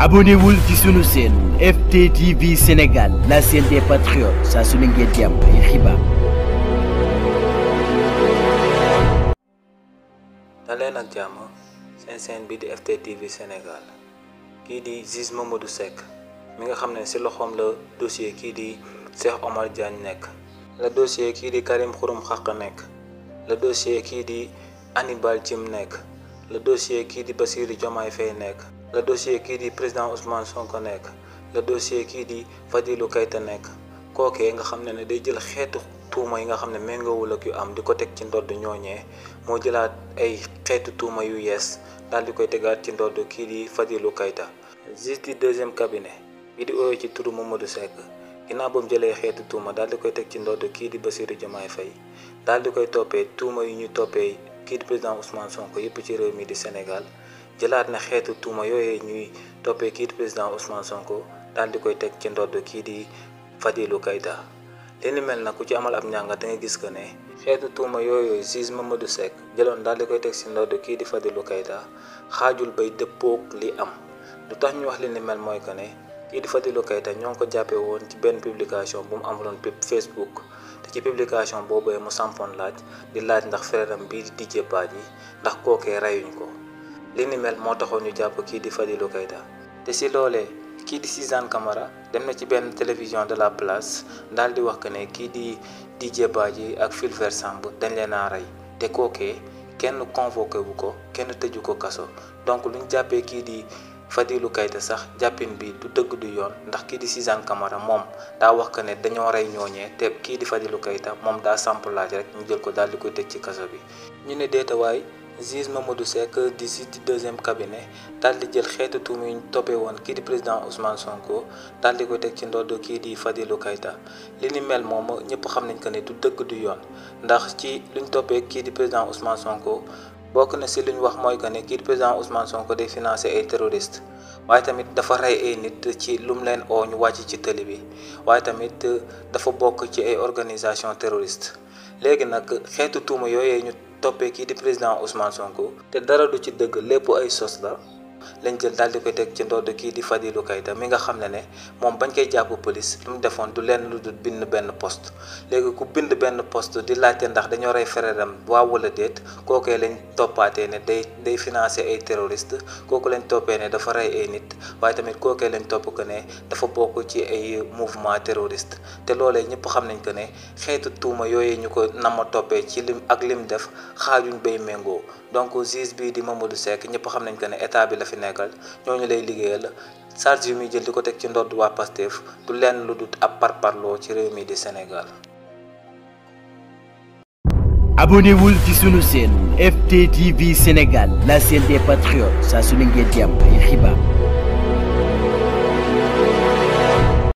Abonnez-vous Abonnez-vous sur sunu chaîne FTTV Sénégal la chaîne des patriotes Ça, c'est ne ngeen di am ay chaîne bi di FTTV Sénégal Qui di Ziz Mamadou Seck mi nga xam ne ci loxoom la dossier qui dit Cheikh Omar Diagne Le dossier qui dit Karim Khouroum Xaq Le dossier qui dit Hannibal Djim Le dossier qui dit Basir Diomaye Faye le dossier kii di président Ousmane Sonko nekk le dossier kii di Fadilou Keita nekk kookee nga xam ne ne day jël xeetu tuuma yi nga xam ne méngoowul ak yu am di ko teg ci ndodd ñooñee moo jëlaat ay xeetu tuuma yu yees daal di koy tegaat ci ndodd kii di Fadilou Keita juge deuxième cabinet bi di ooyee ci turu Mamadou du ginnaaw ba mu jëlee xeetu tuuma daal di koy teg ci ndodd kii di Bassirou Diomaye Faye daal di koy toppee tuuma yu ñu toppee kii di président Ousmane Sonko yëpp ci réew mi di Sénégal jëlaat na xeetu tuuma yooyu ñuy toppee kii di président Ousmane Sonko daal di koy teg ci ndodd kii di Fadilou Keita li mel na ku ci amal ab njàngat da nga gis que ne xeetu tuuma yooyu juge Mamadou Seck jëloon daal di koy teg si ndodd kii di Fadilou Keita xaajul bay dëppoog li am lu tax ñu wax li ni mel mooy que ne kii di Fadilou Keita ñoo ngi ko jàppee woon ci benn publication bu mu amaloon Facebook te ci publication boobee mu sampoon laaj di laaj ndax frère di Dj Badji ndax kookee reyuñ ko li mel mo taxoon ñu japp ki di fadilu Keita té si lolé ki di Sizane Camara dem na ci ben télévision de la place dal di wax que ne kii di Didier Badji ak Fulbert Samb dañ leena ray té te kenn convoqué wu ko kenn tëju ko kaso donc lu ñu jàppee di fadilu kayta sax jàppin bi du dëgg du yoon ndax ki di Sizane Camara mom da wax que né dañoo ray ñoñé te ki di fadilu kayta mom da sample laaj rek ñu jël ko dal di koy tecc ci kasso bi ñu déta way juge Mamadou Seck di site deuxième cabinet daldi jël xeetu tuuma yi ñu toppee woon kii di président Ousmane Sonko daldi ko teg ci ndodd kii di Fadilou Keita li ni mel moom ñëpp xam nañ que ne du dëgg du yoon ndax ci luñ toppee kii di président Ousmane Sonko bokk na si luñ wax mooy que ne kii di président Ousmane Sonko day financé ay terroristes waaye tamit dafa rey ay nit ci lum leen oo ñu wàcc ci tëli bi waaye tamit dafa bokk ci ay organisation terroriste léegi toppee di président Ousmane Sonko te dara du ci dëgg lépp ay sos la lañ jël daal di koy teg ci ndodd kii di Fadilou Keita mi nga xam ne ne moom bañ koy jàpp police lu mu defoon du lenn lu dul bind benn poste léegi ku bind benn poste di laajte ndax dañoo rey fereeram waa wala déet kookee lañ toppaatee ne day day financé ay terroriste kooku leen toppee ne dafa rey ay nit waaye tamit kookee leen topp ko ne dafa bokk ci ay mouvement terroriste te loolee ñëpp xam nañ ko ne xeetu tuuma yooyu ñu ko nama toppee ci lim ak lim def xaajuñ bay méngoo donc juge bii di Mamadou Seck ñëpp xam nañ ko ne état bi la Sénégal, nekkal ñooñu lay liggéeyal charge yu muy jël di ko ci ndodd wa Pastef du lenn lu dut ab parparloo ci réew mi di Sénégal. abonnez-vous ci sunu chaîne FTTV Sénégal la chaîne des patriotes sa su ngeen diam am ay xibaar.